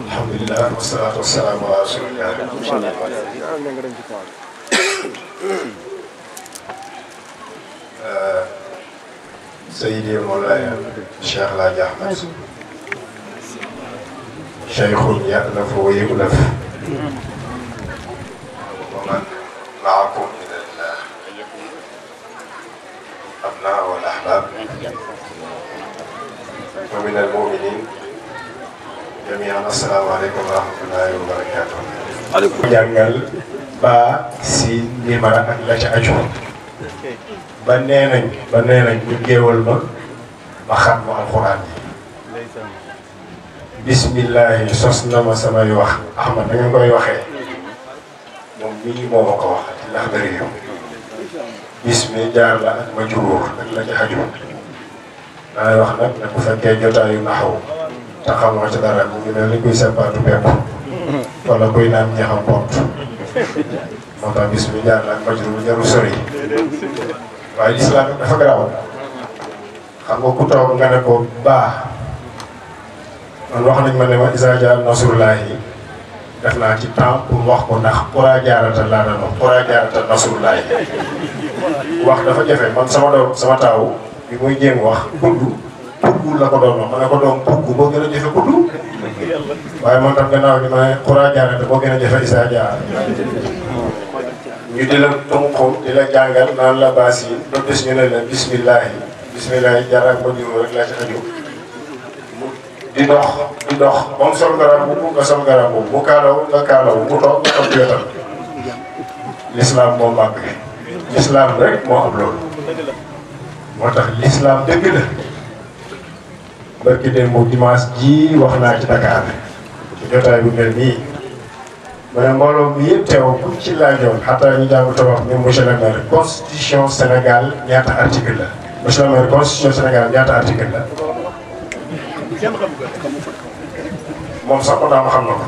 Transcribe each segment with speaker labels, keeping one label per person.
Speaker 1: alhamdulilah wasalaatu wasalaam ala rasulillah
Speaker 2: Seydi Mawlaya Cheikh Laaji Ahmed cheikhun ya'laf wa yu'laf wa man ma'akum min al-abnaa wal ahbaab wa min al-mu'miniin jami'an asalaamaaleykum wa rahmatullahi wa barakaatu. jàngal ba si limara ak la ca aju. ba nee ba nee nañ ñu ma ma xam ma alxuraan yi. bismillahi sos na ma samay wax Ahmad da koy waxee. moom mii moo ma ko wax
Speaker 1: ndax bëri yow.
Speaker 2: jaar la ak ma juróor ak la ca aju. maa wax nag ne bu fekkee jotaayu naxaw. te xamoo ci dara mu ngi mel ni kuy seppaatu pepp wala kuy naan ñaxam pont moo tax bis bu jaar la ak bajur bu sori waaye islam dafa garaaw xam nga ku toog nga ne ko baax man wax nañ ma ne ma isa jaar nasrullahi def naa ci temps pour wax ko ndax jaarata laa wax jaarata nasrullahi wax dafa jafe man sama sama taaw bi muy jéem wax tuggul la ko doon wax ma ne ko doom tugg boo gën a jafe kudd waaye moo tax gannaaw gi ma ne xura jaarante boo gën a jafe isaa jaar ñu di la tonqul di la jàngal naan la baas yi ba bés ñu ne la bismillahi bismillahi jaaraak ba dimu rek laa ci xaju di dox di dox ba sol garab bu sol garab bu bu l'islam l'islam rek am l'islam la barki démb dimanche ji wax naa ci Dakar ci jotaay bu mel nii ma ne mbooloo mi yëpp teew ku ci laajoon xataa ñu jàng tabax ne monsieur la. monsieur le maire constitution Sénégal ñaata article la moom sax otaama xam na ko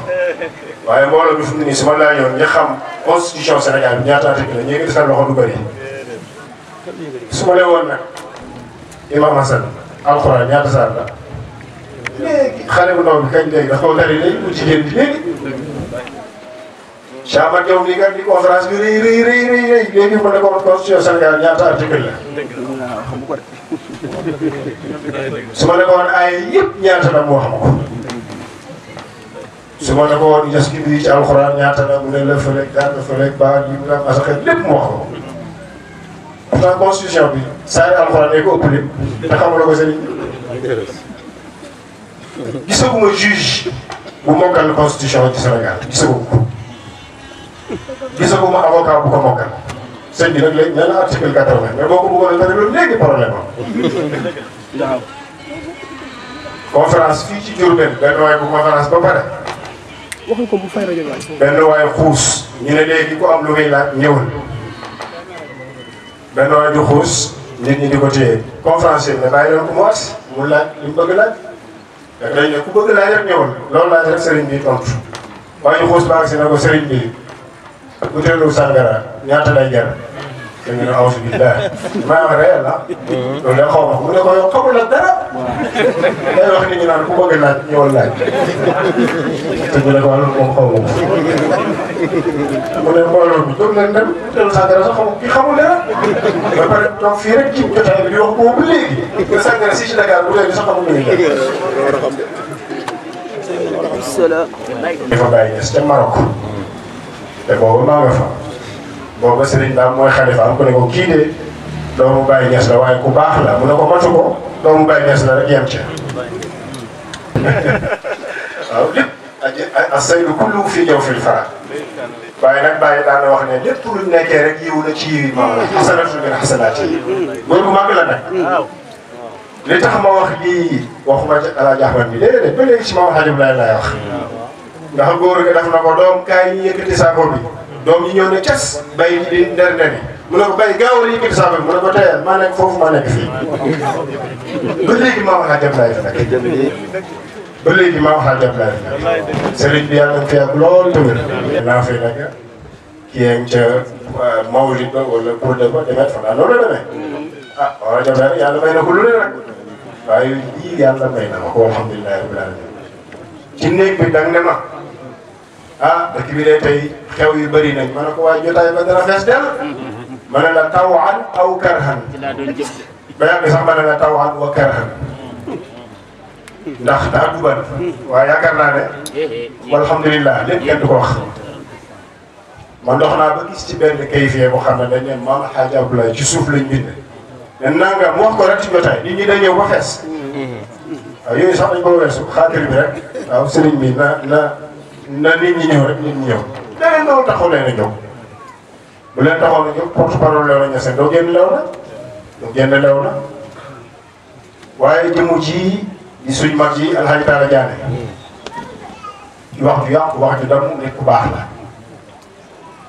Speaker 2: waaye mbooloo mi fu nii su ma laajoon xam constitution Sénégal bi ñaata article la ñu ngi seen loxo du bëri su ma woon nag Imam Hassan alxuraan ñaata saar la. xale bu ndaw bi kañ léegi daf koo tari bu jigéen bi Diaw di conférence bi rëy rëy rëy rëy rëy léegi mu ne ko constitution Sénégal ñaata article ne ko woon ay yëpp ñaata la moo xam ko. ne ko woon jas gi ci alxuraan ñaata la mu ne la fëleeg gàtt fëleeg xam constitution bi ko ko gisaguma juge bu mokkal constitution ci Sénégal gisaguma ko gisaguma avocat bu ko mokkal sëñ bi nag léegi nee na article quatre-vingt mais boo ko bëggoon a tëral léegi problème am. waaw. conférence fii ci Diourbel benn waay bu conférence ba pare. waxal ko am lu muy laaj ñëwal. benn waay di xuus nit ñi di ko téye mu wax mu laaj li rek dañ ne ku bëgg laaj rek ñëwal loolu laaj rek bi tontu waaye ñu xuus baag si na ko sëriñ bi bu teelu sàngara ñaata lay jar te ñu ne awsu billah maa ma reyal la loolu de xaw ma mu ne ko yow xamul la dara day wax nit ñi te ñu ne ko loolu moom xaw mu ne mbooloo mi jóg leen dem teel sàngara sax bu léegi am ko ne ko kii de doomu bàyyi ñes la waaye ku baax la mu ne ko matu ko doomu bàyyi ñes la rek yem ca waaw lépp ak saydu kullu fi fara waaye nag bàyyi daana wax ne lépp luñ nekkee rek yiw na ci yiw yi maam la xasanatu min xasanaati la ma wax lii waxuma ci El Hadj wax ndax góor gi def na ko doom kaay ñu yëkkati saako bi doom yi ñëw ne cas bay di nder nder yi mu ne ko bay gaaw la yëkkati saako bi mu ne ko teyal maa nekk foofu maa nekk fii ba léegi maam Hadj Abdoulaye fi nag ba léegi wax ak Abdoulaye sëriñ euh, la demee ah waaw Abdoulaye yàlla may na ma ko alhamdulilah rabbil alamin ci néeg bi ah, xew yu bëri nañ ma ne ko waa jotaay ba dara fees la tawaan aw karhan ba ndax daa dugal waaye yaakaar
Speaker 1: naa ne
Speaker 2: alhamdulilah lépp kenn du ko wax man dox naa ba gis ci benn kayifee boo xam ne dañ ne maam Hadj Abdoulaye ci suuf lañ bind ne nanga mu wax ko rek ci jotaay nit ñi dañoo ba fees yooyu sax dañ ko weesu xaatir rek waaw sëriñ nit ñi ñëw rek nit ñëw leen doon taxaw leen ñëw bu leen taxaw na ñëw porte parole lew na ñeseen doo génn lew na doo génn lew na waaye jëmu ci di suñ mag yi alxaji Taala Jaane di wax ju yàqu wax ju damm nit ku baax la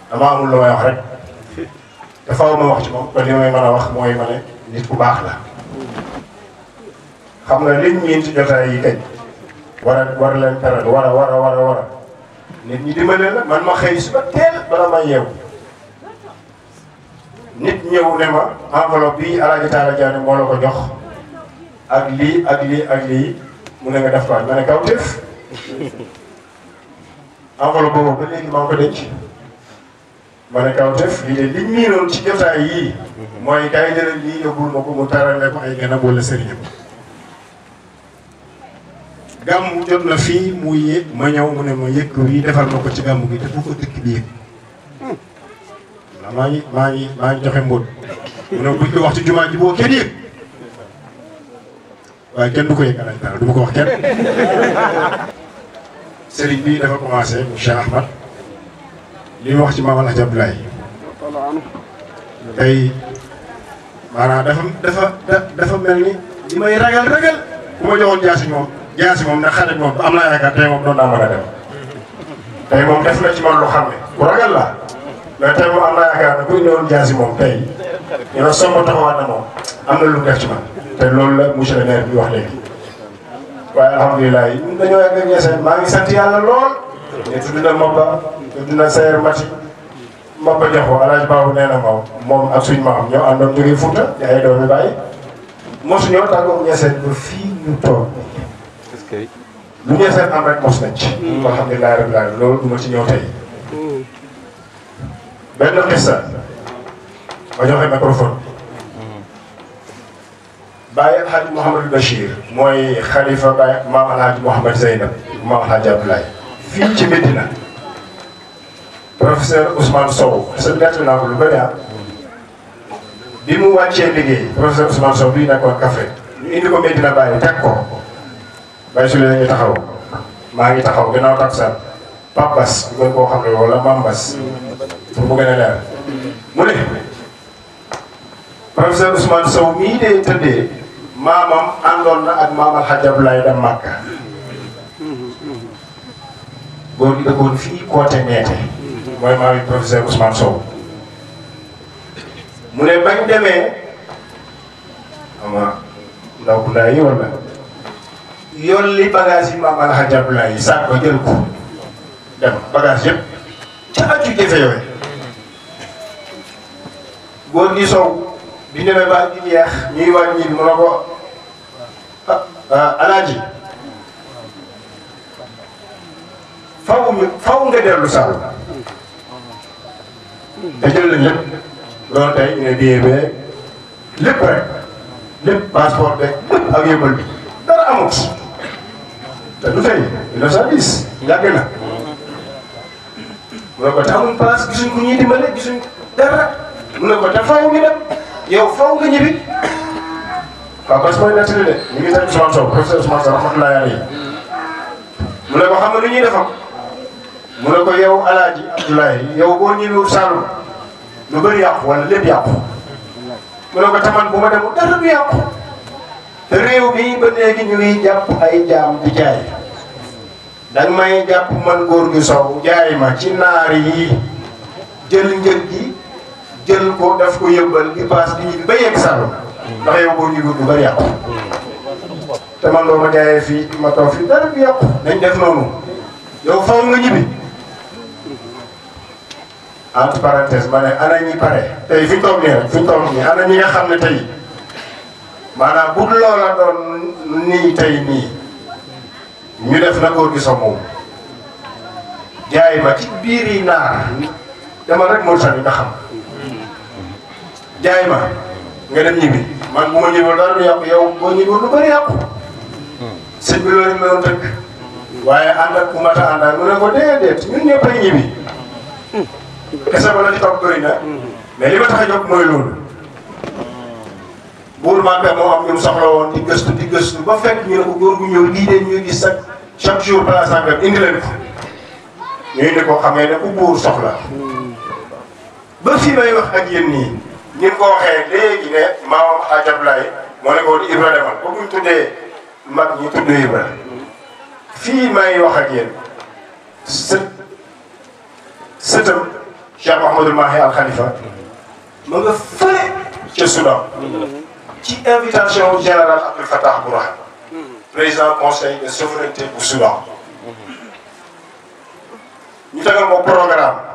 Speaker 2: dama amul lu may wax rek te faaw ma wax ci moom kon li may mën a wax mooy ma ne nit ku baax la xam nga liñ miin ci jotaay yi kañ war a war leen teral war a war a war a war a nit ñi dimbale la man ma xëy suba teel bala ma yeewu nit ñëw ne ma enveloppe bi alxaji Taala Jaane moo la ko jox ak lii ak lii ak lii mu ne nga def ko ak ma ne kaw def enveloppe boobu ba léegi maa ko denc ma ne kaw def lii de miinoon ci jotaay yii mooy kay jëlal lii yóbbul ma ko mu tarale ko ay ganam wala sëriñam gàmm jot na fii mu yëg ma ñëw mu ne ma yëg wii defal ma ko ci gàmm gi te bu ko dëkk bi yëg maa ngi maa ngi maa ngi joxe mbóot mu ne buñ ko wax ci jumaa ji boo kenn yëg waaye kenn du ko yëg alaaj du ma ko wax kenn sëriñ bi dafa commencé mu Cheikh Ahmad li wax ci maam Alhaji Abdoulaye tey maanaam dafa dafa dafa mel ni li may ragal ragal bu ma joxoon jaasi moom jaasi moom ndax xarit moom am naa yaakaar tey na xam ne ku ragal ne bu jaasi moom tey ñu ne somb taxawaat na moom am na lu mu def ci man te loolu la monsieur le maire bi wax léegi waaye alhamdulilah yi ñun dañoo yàgg ak ñeseen maa ngi sant yàlla lool ne tudd na Maba tudd na Sayer Mati Maba Jaxu alaaj baabu nee maw moom ak suñ maam ñoo àndoon jógee Fuuta di ay doomi bàyyi mosu ñoo tàggoog ñeseen ba fii ñu toog lu ñeseen am rek mos nañ hmm. tey hmm. benn xissa ma joxe microphone Baye El Hadj Mouhamadou mooy xalifa Baye maam El Hadj Mouhamad maam El Hadj fii ci Medina professeur Ousmane Sow sa nett naa ko lu ah. bi mu wàccee indi ko Medina Baye teg ko Baye Souley la taxaw maa ngi taxaw gannaaw takkusaan Pape Bass ñu koo xam ne wala Mame pour mu gën a leer mu ne professeur Ousmane Sow mii dee tëddee. maamam àndoon na ak maam Alxaaj Ablaay dem fii Koote Meete mooy maam yi professeur Ousmane Sow mu ne bañ demee ama ndaw ku yi wala yolli bagage yi maam Alxaaj Ablaay jël ko dem bagage yëpp ca aju jafe yooyu góor gi Sow bi demee ba ak di jeex ñuy wàññi mu ne ko Euh, alaaji faw ñu nga dellu Saalum te jël nañ lépp loolu tey nga dee lépp rek lépp passeport beeg ak yëmbal bi dara amut te du tey 1910 yàgg na mu ne ko te amul place gisuñ ko ñuy dimbale gisuñ dara mu ne ko te faw ñu dem yow faw nga ñibbi waaw kon su may nettali de ñu ngi sëñ Ousmane Sow professeur Ousmane Sow rahmatullahi alayhi mu ne ko xam nga lu alaaji Abdoulaye yow boo ñëwee Saalum lu bëri yàqu wala lépp yàqu mu ne ko taman bu ma demul dara du yàqu te réew mi ba léegi ñu ngi jàpp ay may jàpp man góor gi Sow jaay ma ci naar yi jël njëg gi jël ko daf ko di ndax yow boo yëgul lu bëri yàqu man boo ma jaayee ma toog fii dara du yàqu nañ def noonu yow faw nga parenthèse ana ñi pare tey fi ñu toog fi ñu toog ana ñi nga xam ne tey bu loola doon nii tey nii ñu def na góor gi sa jaay ci dama rek xam jaay ma nga dem ñibbi man bu ma ñibbi dara du yàqu yow boo ñibbi lu bëri yàqu. sëñ bi loolu la doon dëkk. waaye ànd ak ku mat a ànd ak mu ne ko déedéet ñun ñëpp ay ñibbi. kese ba la ci topp bëri na. mais li ma tax a jóg mooy loolu. buur Màkka moo am ñu soxla woon di gëstu di gëstu ba fekk ñu ne ko góor gu ñëw lii de ñuy gis chaque chaque jour balaa sàngam indi leen ko. ñu indi ko xamee ne ku buur soxla. ba fii may wax ak yéen nii. ni ko waxee léegi ne maamam Hadj Abdoulaye moo ne ko ibrahima Ibra ba buñ tuddé mag ñu tuddé ibrahima fi may wax ak yéen së sëtam Cheikh Mouhamadul Mahi Al Khalifa ma nga fële ci Soudan ci invitation général Abdel fatah Burhan président conseil de souveraineté pour Soudan ñu tagal ko programme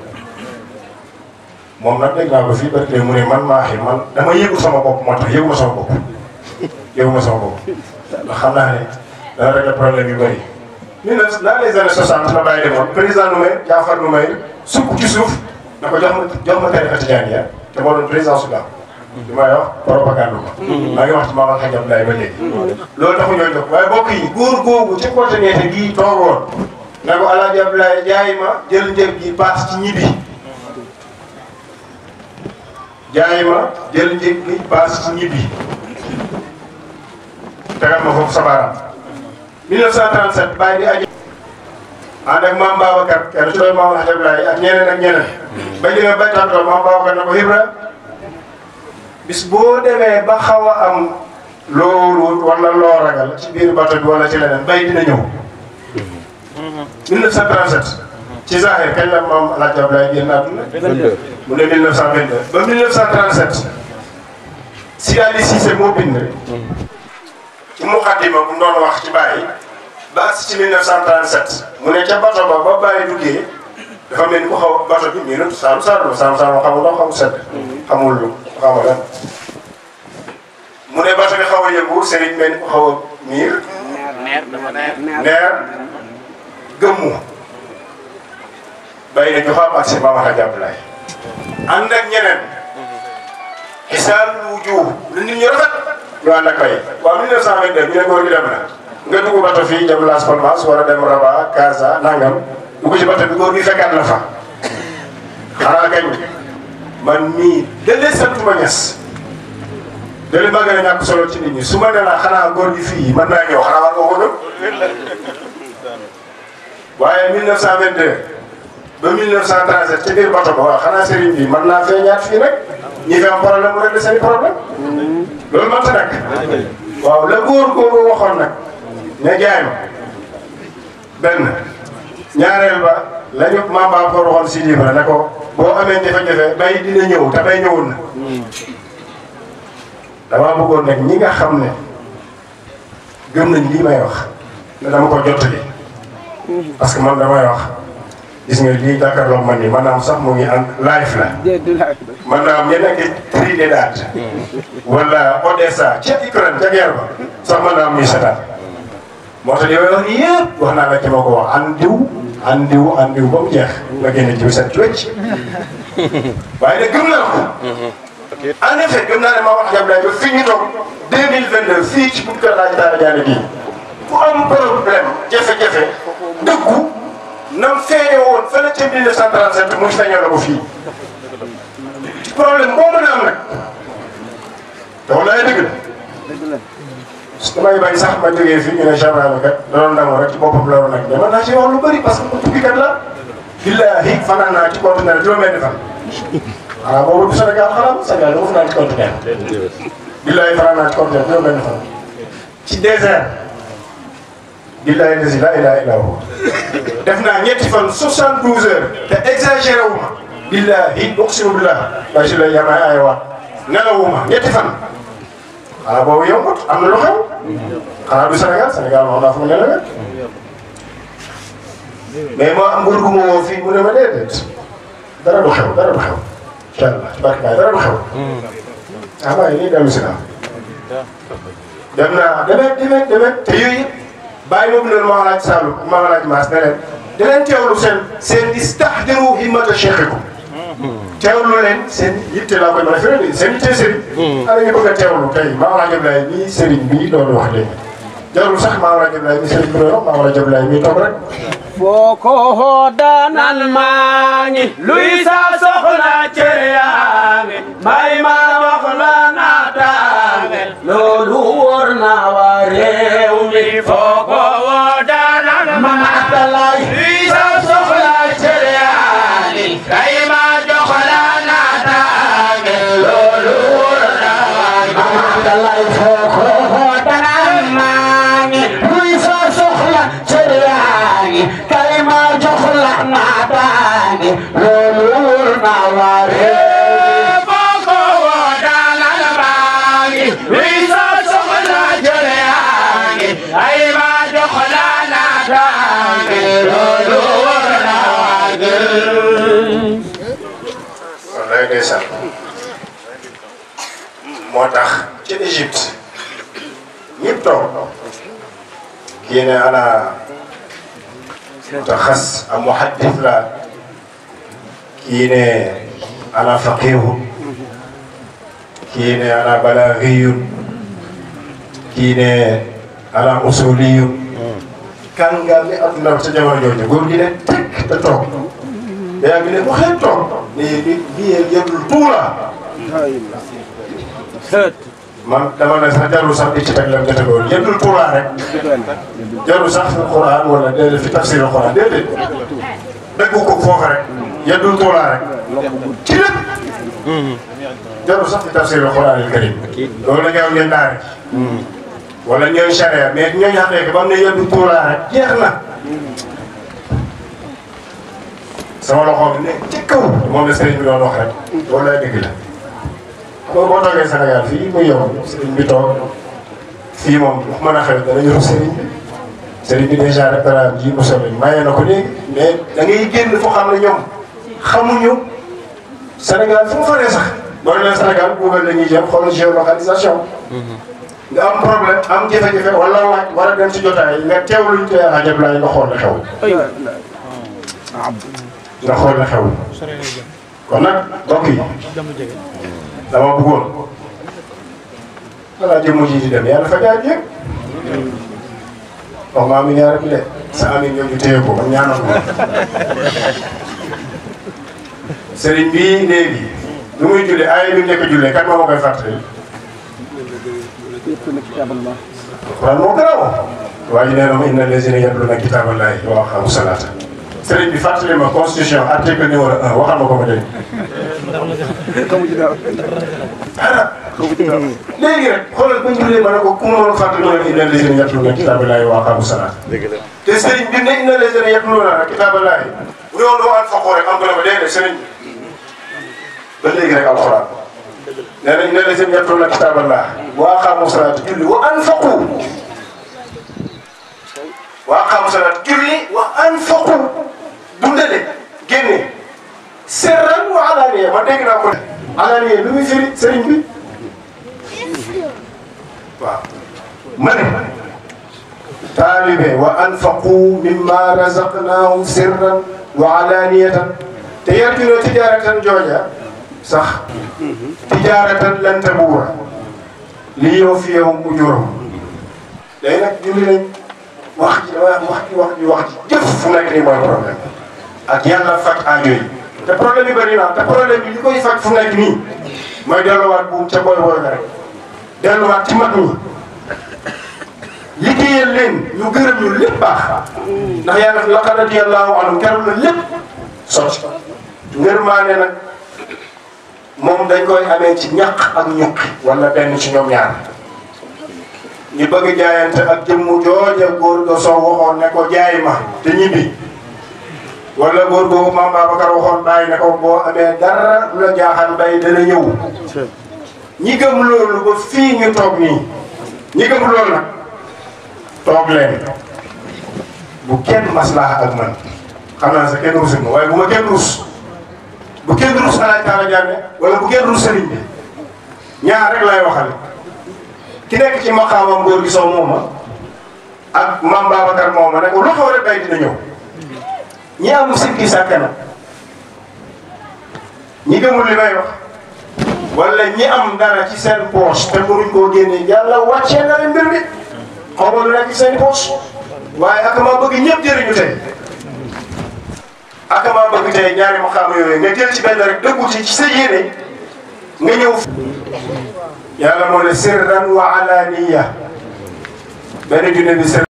Speaker 2: moom nag dégg naa ko fii ba mu ne man maa xim man dama yëgu sama bopp moo tax yëgu ma sama bopp yëgu ma xam naa ne dana régler problème la bëri. ñu ne dans les années 60 la bàyyi ci suuf na ko jox ma jox ma tariqa tijaaniya te moo doon président Soudan. li may wax propagande ma. maa ngi wax ci maam Alxaji Abdoulaye ba léegi. loolu taxu ñoo jóg waaye mbokk yi góor googu ci côté Niété gii toogoon na ko Alaaji Abdoulaye jaay ma jël njëg gi paas ci ñibbi. jaay ma jël njëg gi baas ci ñibbi tegal ma foofu sabaaram 1937 bàyyi di aji ànd ak maam Babacar kenn ci loolu maam Alhaji Abdoulaye ak na ko Ibra bis boo demee ba xaw a am loolu wala loo ragal ci biir bato bi wala ci leneen bay dina ñëw 1937 ci zahir kañ la maam El Hadj Abdoulaye génn àdduna. 22 mu ne 1922. ba 1937 Sidi Ali Cissé moo bind. ci muqaddima bu doon wax ci Baye. ba ci 1937. mu ne ca bato ba ba Baye duggee dafa mel ni ku xaw bato bi ñu ne saalu saalu saalu saalu xamul ndox mu ne bato bi xaw a yëngu mel ni ku xaw miir. neer gëmmu. bàyyi la joxaam ak si Babacar Diabdoulaye ànd ak ñeneen xisaal lu jiw lu nit ñu rafet ñu ànd ak bay waaw 1922 ñu ne góor bi dem na nga dugg bato fii dem Las Palmas war a dem Rabat Casa nangam dugg ci kañ man mii dalee santuma ñes dali maa gën a solo ci ma gi fii mën naa ñëw xanaa war ko gëm waaye 1922 ba 1937 ci biir bato ba waaw xanaa sëriñ bi mën naa feeñaat fii nag ñi fi am problème mu réglé seen i loolu mën ta nag waaw la góor góor waxoon nag ne jaay ma benn ñaareel ba la maam ba ko waxoon si livre ne ko boo amee jafe-jafe bay dina ñëw te bay ñëwoon na damaa bëggoon nag ñi nga xam ne gën nañ lii may wax ne dama ko jottali parce que man damay wax gis nga lii jàkkaarloog man ni maanaam sax mu ngi am live la maanaam ña nekk Trinidad wala Odessa ca Ukraine ca guerre ba sax maanaam ñuy seetaan moo tax li may wax naa la ki andiw andiw andiw ba mu jeex nga génn jiw set wécc waaye nag gëm naa ko en effet gëm naa ne maa wax ak Abdoulaye ba fii ñu toog deux mille vingt fii ci buntu laaj daara jaane bii ku am problème jafe-jafe dëggu nam feeñe woon fële ca 1937 muy feeñoo la ko fii problème boo mën a am nag dama laay dëgg la damay bàyyi sax ma jógee fii ñu ne gendarme kat danoon nangu rek ci boppam la woon nag mais mën naa ci wax lu bëri parce que mu tukkikat la billahi fanaan naa ci conteneur juróom-benni fan xanaa boobu du Sénégal xanaa Sénégal dama fanaan ci conteneur billahi fanaan naa ci conteneur juróom ci désert di lay des laa ilaaha illa hu def naa ñetti fan soixante douze heures te exagéré wu ma billaahi uqsimu billah waaye si la yamaay ay wax nelawu ma ñetti fan xanaa boobu yombut am na lu xew xanaa du Sénégal Sénégal wax naa fu mu ne la nga mais moo am nguur gu ma woo fii mu ne ma déedéet dara du xew dara du xew incha allah ci barke Baay dara du xew ah waaye lii dellu si naa dem naa demet demet demet te yooyu bàyyi moom leen Mawalaj Saalum Mawalaj Maas ne leen di leen teewlu seen seen istahdiru himmata cheikhikum teewlu leen seen yitte laa koy mën a firndeel seen yitte sëriñ. Hmm. ana ñu bëgg a teewlu tey Mawalaj Abdoulaye mii sëriñ bii doon wax léegi jarul sax Mawalaj Abdoulaye mii sëriñ bi doon wax Mawalaj Abdoulaye mii toog rek. boo ko daanan maa ngi luy sa soxla cër yaa ngi may ma dox la naataange loolu wóor na waa réew mi fo
Speaker 1: غمور موارد
Speaker 2: ndeysaan moo tax ci Égypte ñëpp toog kii ne ana mutaxas a muhaddis la kii ne ana faqiihun kii ne ana balaagiyun kii ne ana usuliyun kàngaal ni ab ndaw ca jamono jooju góor gi ne tekk te toog yaa ngi ne mu xeet toog ne bi bii yéen yëpp tuura man dama ne sax jarul sax di ci teg leen gerte boobu yëpp tuura rek jarul sax xuraan wala déedéet fi tafsiru xuraan déedéet dëggu ko foofu rek. yàddul tuulaa rek ci lépp. Mm-hmm. jarul sax ci tafsir alxuraan al karim loolu la ngay wax ngeen daare. Mm-hmm. wala ñooy charia mais ñooy xam ne ba ne yàddul tuulaa rek jeex na. sama loxo ne ci kaw moom la sëriñ bi doon wax rek. wala dëgg la. boo boo toogee Sénégal fii muy yow bi toog fii moom wax mën a xew dana yor sëriñ bi. sëriñ bi dèjà réparable ji mu soobee maye na ko léegi mais da ngay génn foo ne ñoom. xamuñu Sénégal fu mu fa nee sax boo demee Sénégal Google la ñuy jëm xool géolocalisation. Mhm. nga am problème am jafe-jafe wala waaj war a dem ci jotaay nga teewluñ te rajo bi laay nga xool la xew. kon nag mbokk yi dama bëggoon balaa jëmm ji di dem yàlla fa jaay jéeg. wax nga am ñaar bi de sa amin ñoo ñu téye ko ñaanal ko. sëriñ bi njëkk a jullee kan moo ma koy fàttali. waaw moo waa ji nee na inna lazina yatluuna kitaaballahi wa aqaamu salaata. sëriñ bi fàttali ma constitution article numéro un waxal ma ko ma dégg. ma ne ko ku ma war a fàttali ma inna lazina yatluuna kitaaballahi wa aqaamu salaata. te sëriñ bi ne inna lazina yatluuna kitaaballahi. bu doon loo am fa xool rek am nga la ko dégg sëriñ bi. ba léegi rek alxuraan nee nañ nee na seen ñett la kitaaballah wa aqaamu salaat julli wa anfaqu wa aqaamu salaat julli wa anfaqu dundale génne serran wa alaaniya ma dégg naa ko alaaniya lu muy firi sëriñ bi waaw ma ne taalibe wa anfaqu mimma razaqnaahum sirran wa alaaniyatan te yarjuna tijaaratan jooja sax tijaaratan lan tabuura li yow fi yow mu juróom léegi nag ñu ne leen wax ji dama wax ji wax ji wax ji jëf fu nekk mooy problème ak yàlla faj aajo yi te problème yi bëri naa te li koy faj fu nekk nii mooy delluwaat bu ca booy booy rek delluwaat ci mag ñi liggéeyal leen ñu gërëm ñu lépp baax ndax yàlla laqad radiyallahu anhum keroog la lépp sotti ngërmaane nag moom dañ koy amee ci ñàq ak ñukk wala benn ci ñoom ñaar ñu bëgg jaayante ak jëmmu jooja góor ga soo waxoon ne ko jaay ma te ñibbi wala góor googu maam Babacar waxoon bàyyi ne ko boo amee dara lu la jaaxal bay dana ñëw ñi gëm loolu ba fii ñu toog nii ñi gëm loolu nag toog leen bu kenn maslaha ak man xam naa sa kenn ruusul ma waaye bu ma kenn ruus bu kenn rus alaaj taala jàmme wala bu kenn rus sëriñ bi ñaar rek lay waxale ki nekk ci maqaamam góor gi sow mooma ak maam Babacar mooma ne ko lu xaw rek bay dina ñëw ñi amul sikki sàkk na ñi gëmul li may wax wala ñi am dara ci seen poche te mënuñ koo génne yàlla wàccee na leen mbir mi xaw ma lu ci seen poche waaye ak ma bëgg ñëpp jëriñu tey ak maa bëgg tey ñaari maxaama yooyu nga jël ci benn rek dëggu ci ci sa nga ñëw.
Speaker 1: yàlla moo ne sirran wa alaaniya benn junne bi